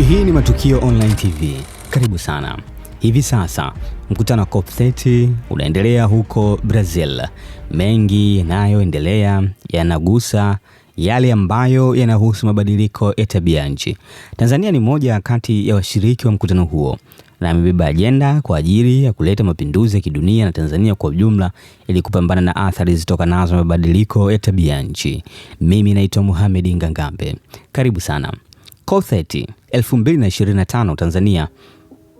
Eh, hii ni Matukio Online TV. Karibu sana. Hivi sasa mkutano wa COP30 unaendelea huko Brazil. Mengi yanayoendelea yanagusa yale ambayo yanahusu mabadiliko ya tabia nchi. Tanzania ni moja kati ya washiriki wa mkutano huo na amebeba ajenda kwa ajili ya kuleta mapinduzi ya kidunia na Tanzania kwa ujumla ili kupambana na athari zitokanazo na mabadiliko ya tabia nchi. Mimi naitwa Mohamed Ngangambe, karibu sana. Kotheti 2025 Tanzania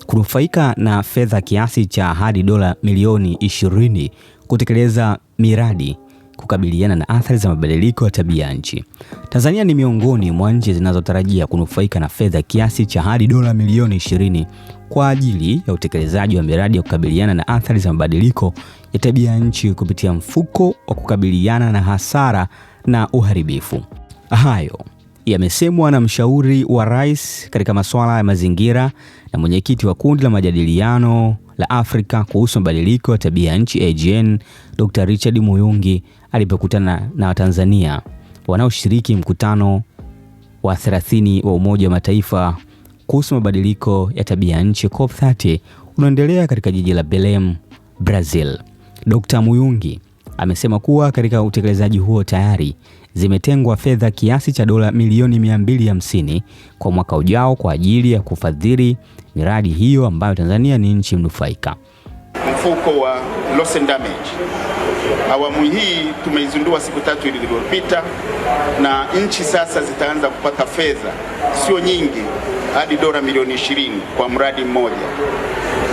kunufaika na fedha kiasi cha hadi dola milioni 20 kutekeleza miradi kukabiliana na athari za mabadiliko ya tabia nchi. Tanzania ni miongoni mwa nchi zinazotarajia kunufaika na fedha kiasi cha hadi dola milioni 20 kwa ajili ya utekelezaji wa miradi ya kukabiliana na athari za mabadiliko ya tabia nchi kupitia mfuko wa kukabiliana na hasara na uharibifu. Hayo yamesemwa na mshauri wa rais katika masuala ya mazingira na mwenyekiti wa kundi la majadiliano la Afrika kuhusu mabadiliko ya tabia ya nchi AGN, Dr. Richard Muyungi alipokutana na Watanzania wanaoshiriki mkutano wa 30 wa Umoja wa Mataifa kuhusu mabadiliko ya tabia ya nchi COP30 unaendelea katika jiji la Belem, Brazil. Dr. Muyungi amesema kuwa katika utekelezaji huo tayari zimetengwa fedha kiasi cha dola milioni 250 kwa mwaka ujao kwa ajili ya kufadhili miradi hiyo ambayo Tanzania ni nchi mnufaika. Mfuko wa loss and damage awamu hii tumeizindua siku tatu iliyopita, na nchi sasa zitaanza kupata fedha sio nyingi hadi dola milioni ishirini kwa mradi mmoja,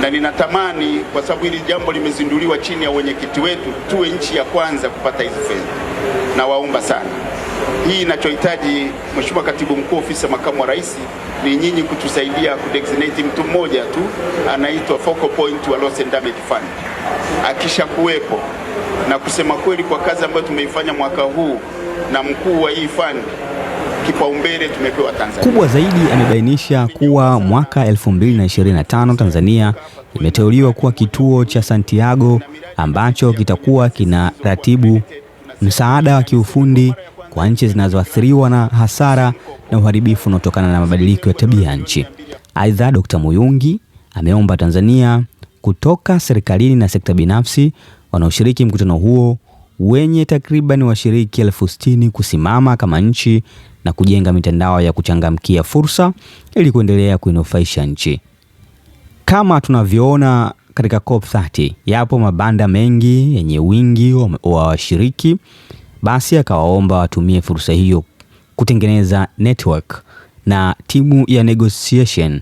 na ninatamani kwa sababu hili jambo limezinduliwa chini ya wenyekiti wetu, tuwe nchi ya kwanza kupata hizi fedha. Nawaomba sana, hii inachohitaji Mheshimiwa Katibu Mkuu, ofisi ya makamu wa rais, ni nyinyi kutusaidia kudesignate mtu mmoja tu anaitwa focal point wa loss and damage fund. kuwepo na kusema kweli, kwa kazi ambayo tumeifanya mwaka huu na mkuu wa hii fund kipaumbele tumepewa Tanzania. Kubwa zaidi, amebainisha kuwa mwaka 2025 Tanzania imeteuliwa kuwa kituo cha Santiago ambacho kitakuwa kina ratibu msaada wa kiufundi kwa nchi zinazoathiriwa na hasara na uharibifu unaotokana na mabadiliko ya tabia ya nchi. Aidha, Dkt. Muyungi ameomba Tanzania kutoka serikalini na sekta binafsi wanaoshiriki mkutano huo wenye takriban washiriki elfu sitini kusimama kama nchi na kujenga mitandao ya kuchangamkia fursa ili kuendelea kuinufaisha nchi. Kama tunavyoona katika COP30 yapo mabanda mengi yenye wingi wa washiriki, basi akawaomba watumie fursa hiyo kutengeneza network na timu ya negotiation,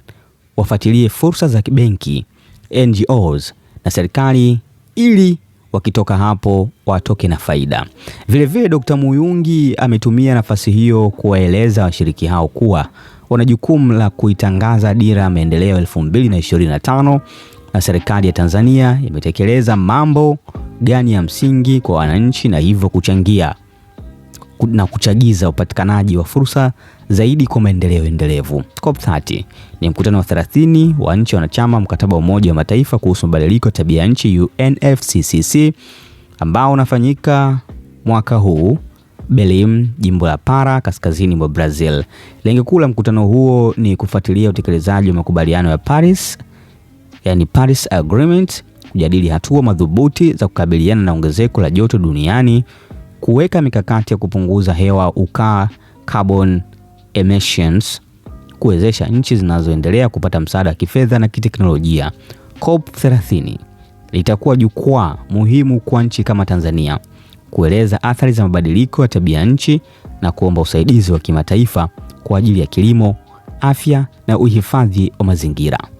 wafuatilie fursa za kibenki, NGOs na serikali ili wakitoka hapo watoke na faida. Vilevile Dr. Muyungi ametumia nafasi hiyo kuwaeleza washiriki hao kuwa wana jukumu la kuitangaza dira ya maendeleo 2025 na serikali ya Tanzania imetekeleza mambo gani ya msingi kwa wananchi na hivyo kuchangia na kuchagiza upatikanaji wa fursa zaidi kwa maendeleo endelevu. COP30 ni mkutano wa 30 wa nchi wanachama mkataba wa Umoja wa Mataifa kuhusu mabadiliko ya tabia nchi UNFCCC ambao unafanyika mwaka huu Belim, jimbo la Para, kaskazini mwa Brazil. Lengo kuu la mkutano huo ni kufuatilia utekelezaji wa makubaliano ya Paris, yani Paris Agreement, kujadili hatua madhubuti za kukabiliana na ongezeko la joto duniani kuweka mikakati ya kupunguza hewa ukaa carbon emissions, kuwezesha nchi zinazoendelea kupata msaada wa kifedha na kiteknolojia. COP 30 litakuwa jukwaa muhimu kwa nchi kama Tanzania kueleza athari za mabadiliko ya tabia nchi na kuomba usaidizi wa kimataifa kwa ajili ya kilimo, afya na uhifadhi wa mazingira.